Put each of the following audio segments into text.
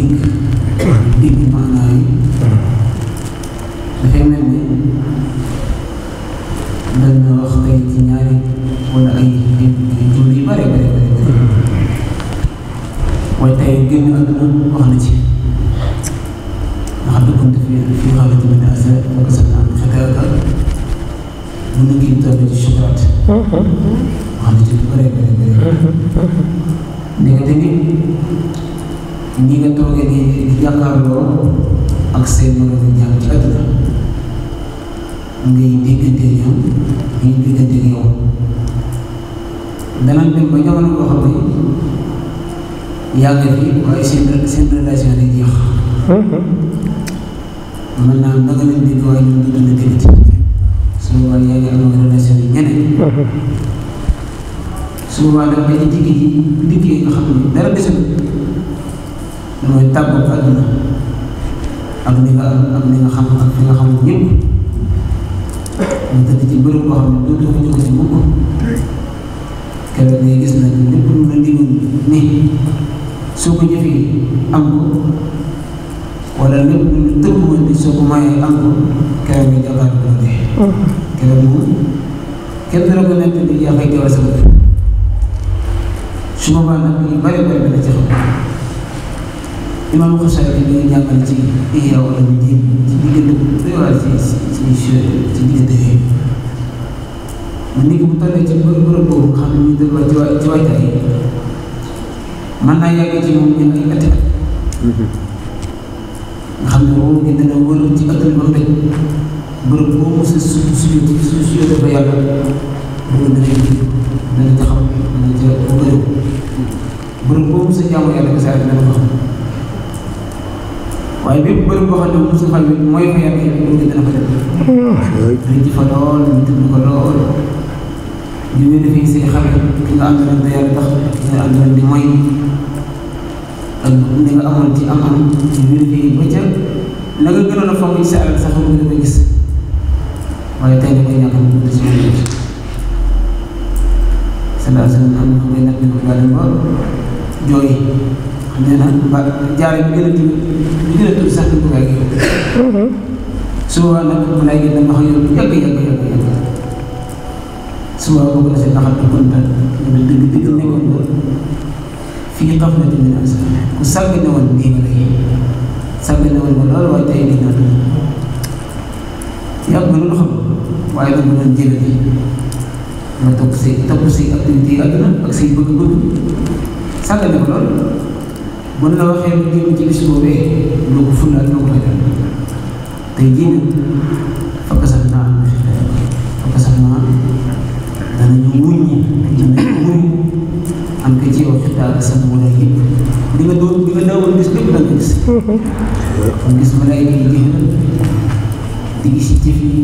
يهديك يهديك بمعنى ايه؟ فهمنا dan waktu itu nyari mulai itu lima ya bari bari bari وقت يمكن أن أغلطي لقد كنت في في غاية من الأذى وكسرت عن خداك منك أنت بالشجرات غلطي بري بري بري نقدني ñi nga toogee di di jàkkaarloo ak seen moromu ñaar ci àdduna ngay diggante ñoom ngay diggante ñoom danañ dem ba jamono boo xam ne yàgg fi waaye seen seen relation day jeex. Mm-hmm. mën naa naka lañ dégg waaye ñoom ñu dund dégg ci su yaa ngi am relation yi ñeneen. Mm-hmm. su boobaa dafay ci jigéen xam ne dara desul. mooy tàggoog àdduna ak li nga ak li nga xam ak li nga xam ñëpp ñu tëdd ci bërëb boo xam ne dootoo ko jóge ci mukk keroog ngay gis na lépp lu la digoon ni soo ko jëfee am ko wala lépp lu la tëgg woon ni soo ko am ko keroog ngay jàkkaar ko dee keroog moom kenn dara ko nekk ni yaa koy jawal sa bëgg su ma baax bari bari dana ci xam Imam Xasaali bi ñu ci Ihya Ulumuddin ci diggante bu doy waar ci ci ci ci diggante yooyu nit ki bu tollee ci bërëb boobu xam ne ñu def ci waa ci waajtaay mën naa yàgg ci moom ñun ay at nga xam ne boobu ngi ji dana taxaw dana ca bëriw bërëb boo mos a jaamu yàlla ko saa dana waaye bépp bërëb boo xam ne musulman bi mooy fa yàq yàq mu ngi dana fa def dañ ci fa lool ñu tudd ko lool di wéy dafay say xarit ki nga àndoon da yàlla tax ki nga àndoon di mooy ak li nga amoon ci am am di wéy dafay ba ca la nga gënoon a fonk ci sa alal sax mu ngi ko gis waaye tey da koy ñàkk mu dund si wéy sa daal sa am nga nag ñu ko daal ba jooy nee na ba jaaree bi gën a tudd bi gën a tudd sax dugg ak yow. suba nag bu lay gën a wax yow yàgg yàgg yàgg yàgg suba boo ko defee nga xam ne kontaan dëgg dëgg nekkoon nga fii xaf na dina am sax ku sàgg ne woon dégg nga lay sàgg ne woon nga loolu waaye tey dégg na yàgg loolu xam waaye nag mu doon jëlee nga topp say topp say activité yi àdduna ak say bëgg-bëgg sàgg ne ko loolu mën nga waxee lu jëm ci bis boobee lu ko lu ko ragal tey jii nag fakk sax naa fakk sax naa danañu wuññi danañu wuñ am ka ci wax daal sa mu lay yëpp li nga doon li nga daawoon gis lépp da gis kon gis lay di jëxëral di gis ci jëf yi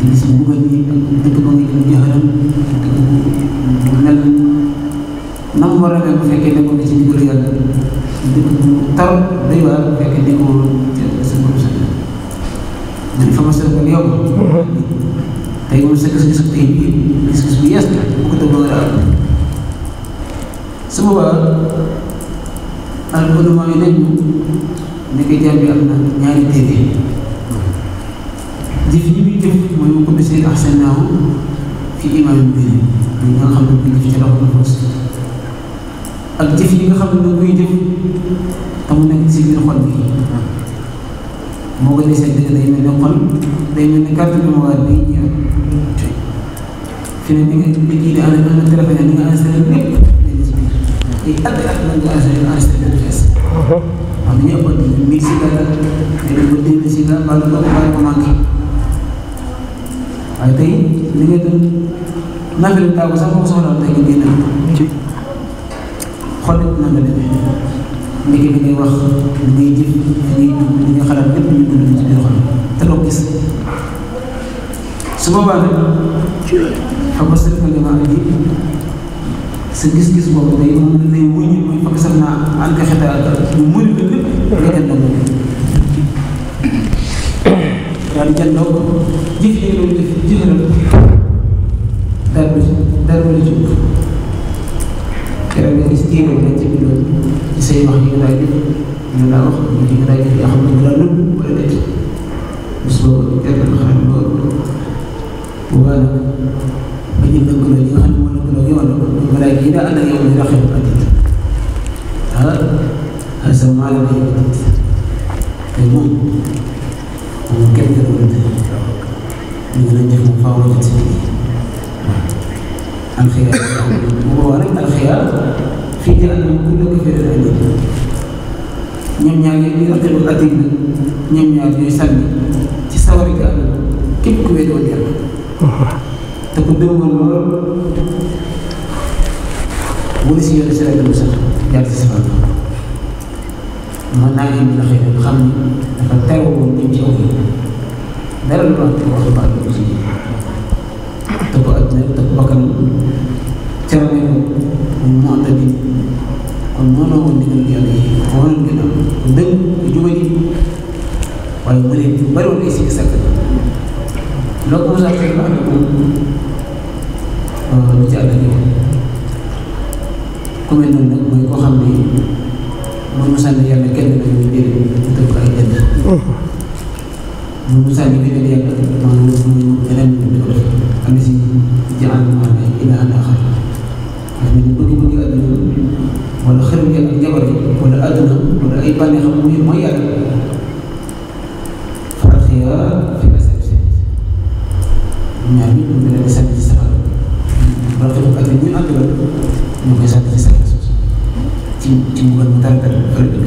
di gis yi ba nga jëm bu mel nam war a bu fekkee nekkul ci ndigal yàlla ndigal bu tar day waar bu fekkee nekkul sa borom sa man fa ma sa ko yow tey moom sa gis-gis ak tey bii gis-gis bu yees la bu ko tëbbal daal su boobaa alkodomaa yi nañu nekk jaam bi am na ñaari téere jëf yi muy jëf mooy mu ko bisee ahsanaahu fi imaam bi ñu nga xam ne ko jëf ci loxo la ak jëf yi nga xam ne moom muy jëf te mu nekk si biir xol bi moo koy desee dëgg day mel ne xol day mel ne carte mémoire bi ñëw fi ne ni nga liggéey di ànd ak téléphone ni nga installé lépp dañ ci biir ay at ak lan nga installé installé fees am ñu ëpp mille si la mais dañ ko dégg si la wala ko wala ko manqué waaye tey li nga doon nafil taagu sax moo soxla tey nga génn loolu noonu la demee léegi li gis keroog nga gis jéego yi dañ ci bindoon ci say wax yi def ñu wax ñu def xam ñoom ñaar yooyu ñuy raqibul atid la ñoom ñaar ñooy sànni ci sawari ga àll képp ku wéet woon yàlla te ku dëw woon lool wala si yàlla si lay sax yàlla si sawar ma naa leen la xëy xam ni dafa woon ci dara lu wax ba ci ko ko kon noonu woon digal yàlla yi moo leen gën a dëng jubali waaye mu leen ñu bari woon ay sikki sàkk loo ko mos a fekk wax ne moom lu ci àll bi ku mel noonu nag mooy koo xam ne moom mu sànni yàlla kenn nag ñu mu sànni bi ne yàlla moom mu beneen bi ko def am na si jaan maanaam ila ànd ak xam ne ولا خرج من جبل ولا أدنى ولا أي بني غموه ما يعلم فالخيار في أسد يعني من الإنسان تسرع برضو أدنى أدنى من الإنسان تسرع timbul mudarbat berbeda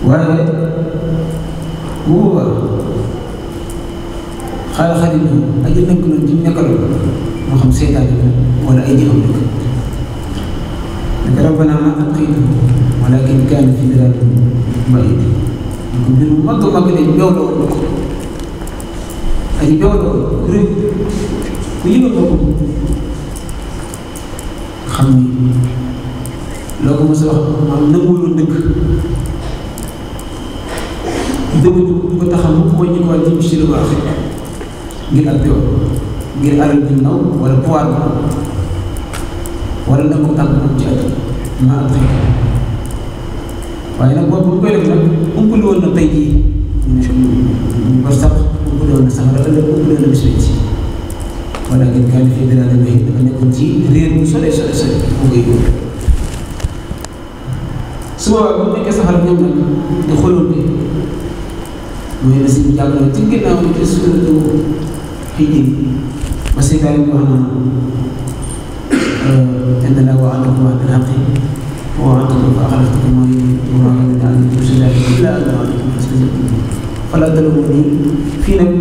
wa huwa خلق منه أجل نكون الدنيا كله وخمسين تعلم ولا أيديهم لك أن ربنا ما ألقيته ولكن كان في ذلك بعيد منهم مضوا مقلي بيولو أي بيولو رب ويولو خمي loo ko mos a wax maanaam nanguwul dëkk dëgg bu ko taxaw mu ko ñu ko jëm ci lu baax ngir ak yoon ngir alal bu ndaw wala pouvoir bu war na ko tàmbali ci at maa am xëy waaye bu koy def nag umpale woon na tey jii ñu ne ko sax umpale woon na sax dafa ëllëg umpale woon na bis ci wala ngeen kaa fi dina la may dafa nekkoon ci réer bu sore sore sore bu koy di na ci suratu ba إننا وعدكم بالحق ووعدتكم فأخلفتكم وإبراهيم عليكم السلام إلا أن وعدكم فاستجبتم فلا تلوموني في نب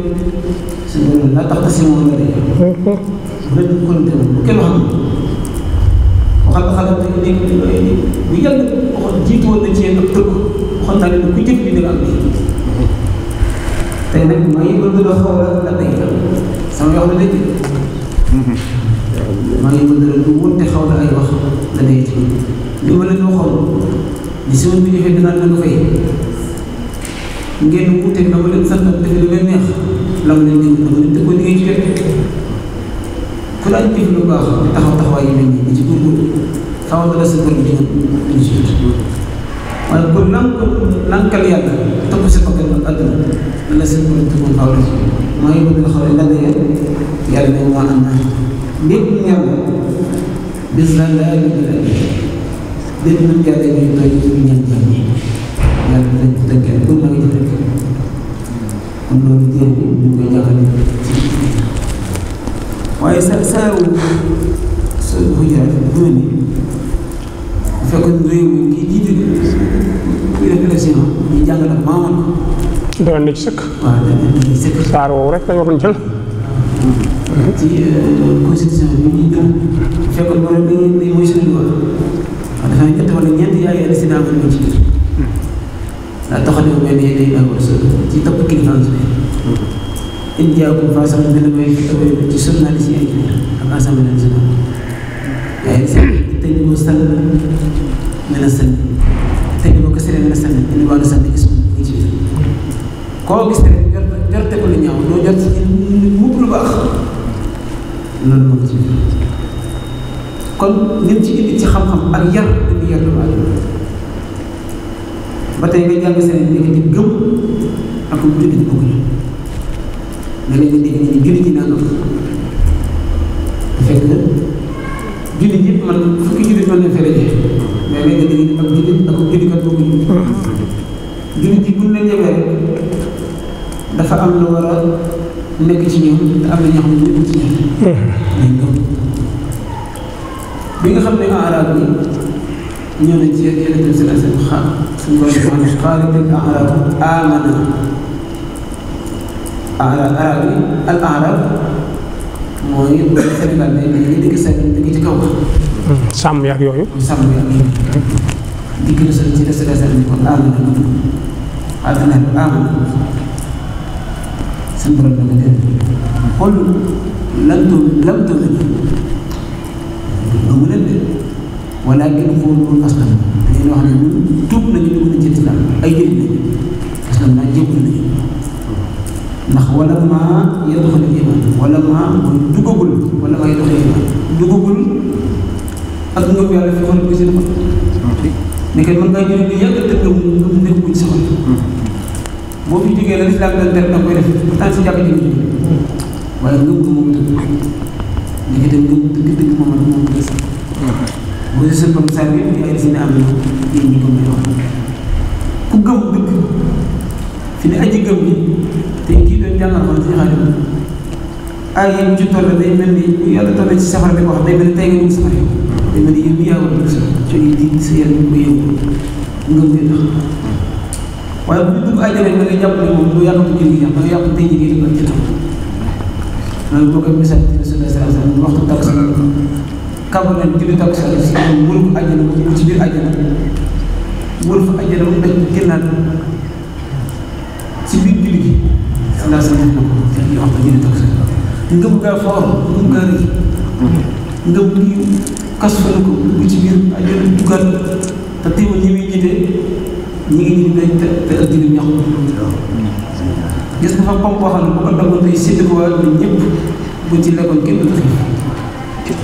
لا تختصموا لدي ولد كنت وكل واحد وقد خلت إليكم ويلا jiitu woon na ci yéen ak tëkk xontaan ne ku jëf bi dina am lii tey nag maa ngi bëgg a xaw a la tey sama yoo xam ne maa ngi mën a lu wute xaw na ay wax la nekk ci li ma leen waxoon li si woon bi ñu xëy dinaa leen fay ngeen wute na ma leen sant def lu leen neex la ma leen déglu dama leen def ko liggéey ci rek ku laaj def lu baax taxaw taxawaay yi mel nii ci góorgóorlu xaw na la sa kër gi ñu ci waaye kon nan lankal yàlla topp si ko àdduna la seen kër gi moom xaw na mooy bu dul xool ndax yàlla nañu moo am na lépp ñëw bis la la lépp mën yàlla ñuy tooy ci ñeent ñoom yàlla nañ ko tënkee pour nga ci tënkee kon loolu téere bi ñu koy jàppale waaye sa saa wu su xujara bu fekkoon réew mi kii jiitu ñu jàngal ak maamoon. doyoon na ci sëkk. waaw doyoon na ci sëkk. saar woowu rek la waroon ci euh, constitution bi ñu gën a fekkoon wala da ngeen di mooy suñu wala dafay ñett wala ñeent yaay yàlla si daanaka ñu ci biir ndax taxawu bi day day baaxul sa ci topp kilifa bi. in jaakum faasiqun bi naba'in ci sunna li si ay ak assemblée nationale yaay si tëj ko sal ne la sal fekk boo gisee rek la sànni ñu wàllu sànni gis ñu ci biir koo gis rek jot jot ko lu ñaaw doo jot ci mukk lu baax loolu moo ci biir kon ñun ci indi ci xam-xam ak yar dañuy yar doomu aadama ba tey nga jàng seen nekk di gëm ak lu jullit bëgg ñu nga leen dégg ni jullit ñi naan fekk jullit yëpp man fukki jullit mën nañ fee mais léegi dañuy am jullit ak jullikat boobu jullit. jullit yi buñ la ñëwee rek dafa am lu war a nekk ci ñoom te am na ñoo xam ne nekkul ci ñoom. bi nga xam ne araab bi ñëw nañ ci yeneen yeneen seen seen xaar suñ koy defee xaaral bi araab amana araab bi al araab mooy lu ñu xetital ne ñu ngi digg seen digg ci kaw sàmm yaag yooyu sàmm yaag digg na seen ci des des ni kon aam na dund àdduna aam seen na de walakin aslam wax ci ay aslam ndax wala maa yadxul iman wala maa mooy duggagul wala maa yadxul iman duggagul ak ngëm yàlla fi xool bi seen xol ne kay mën ngaa jël lu yàgg te gëm hmm. boo fi jógee la lislaam dañ def da koy def pourtant si jàkk ji nga waaye ngëm ko moom dëgg léegi dem ngëm dëgg moom ak moom des boo si seen comme bi ay si ne am na yéen ñi gëm ñu wax ku gëm dëgg fi ne aji gëm ni te ñuy jàngal ko ci xarit ay yéen ci toll day mel ni yàlla toll ci safara bi ko wax day mel ni tey nga ñu safara yow day mel ni yéen yaa war a dugg sa coono di gis yàlla ñu ko yëngu ngëm bi tax waaye bu ñu dugg àjjana da ngay jàpp ne moom du yàq bu jënd yàq da ngay yàq tey jigéen ñi ci taw loolu boo ko misaal ci rasul sallallahu alayhi wa sallam waxtu takk sa kàbb nañ julli takk sa si wóor ko àjjana ci biir àjjana wóor fa àjjana mu daj génnaat ci biir julli gi lasana tan yo ko jëne tok sa bukan ga for ngëm ga ri ngëm ni kasfal ko bu ci bir ajal dugal ta teew ñi wi jité ñi ngi ñu dañ te ak di ñax gis nga fa pomp waxal bu ko dogal tay sédd ko waal ñun ñëpp bu ci lekkon kenn du xif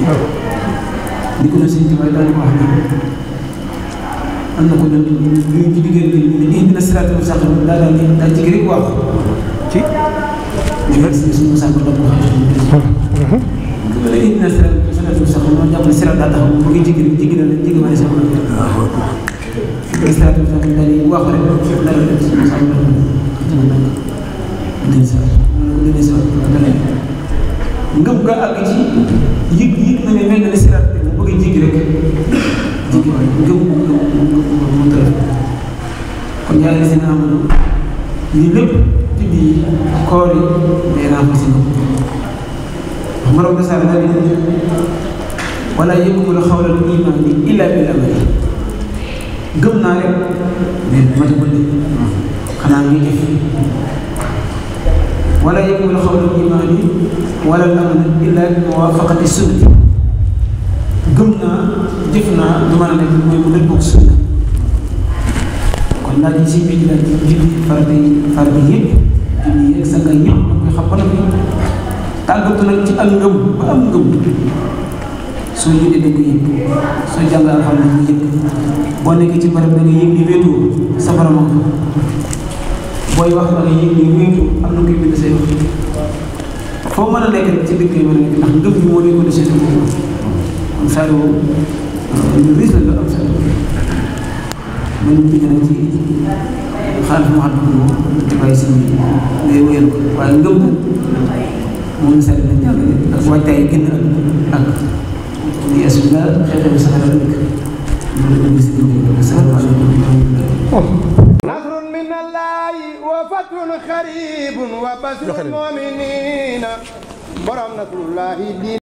di ko na sëñ tubay daal wax ni am na ko ñu ñu ci digël ni ni dina siratul mustaqim daal daal ci gëri wax ci. ñu ngi suñu Moussa Moussa Moussa Moussa Moussa Moussa Moussa Moussa استعد بالله واخر لا ngëm nga àgg ci yëg yëg na ne mel na ne siraat bi mu bëgg jéggi rek jéggi waaye ngëm mu ngëm mu ngëm mu tëral kon yàlla si naa amoon lii lépp تدي كوري بين أنفسكم عمر بن سعد ولا يكمل قول الإيمان إلا بالعمل gëm naa rek mais ma dugg de xanaa ngi def ولا يكمل قول الإيمان ولا الأمل إلا بموافقة السنة gëm naa jëf naa du ma la xam naa ci sëñ bi dina julli farata yi farata yëpp julli yeeg sanga ñëpp da koy xam ba noppi tàggatu nag ci am ngëm ba am ngëm soo jullee nga yëpp boo nekkee ci barab da nga yëg di wéetu sa borom booy wax da nga yëg di wéetu am na koy bind say wax foo mën a nekk ci dëkk yi mën a nekk ndax ngëm bi moo nekkoon de seen kon saa yoo lu riis la lu am solo mën nañu ko jëlee ci xaalis mu ànd ak waaye sëñ bi ngay wéyal ko waaye ngëm moom sell nañ jàngale ak waajtaay génn ak li as nga xeetam sax la dëkk loolu la ñu si dëkk asalaamaaleykum وفتح خريب وبشر المؤمنين برمنا الله دين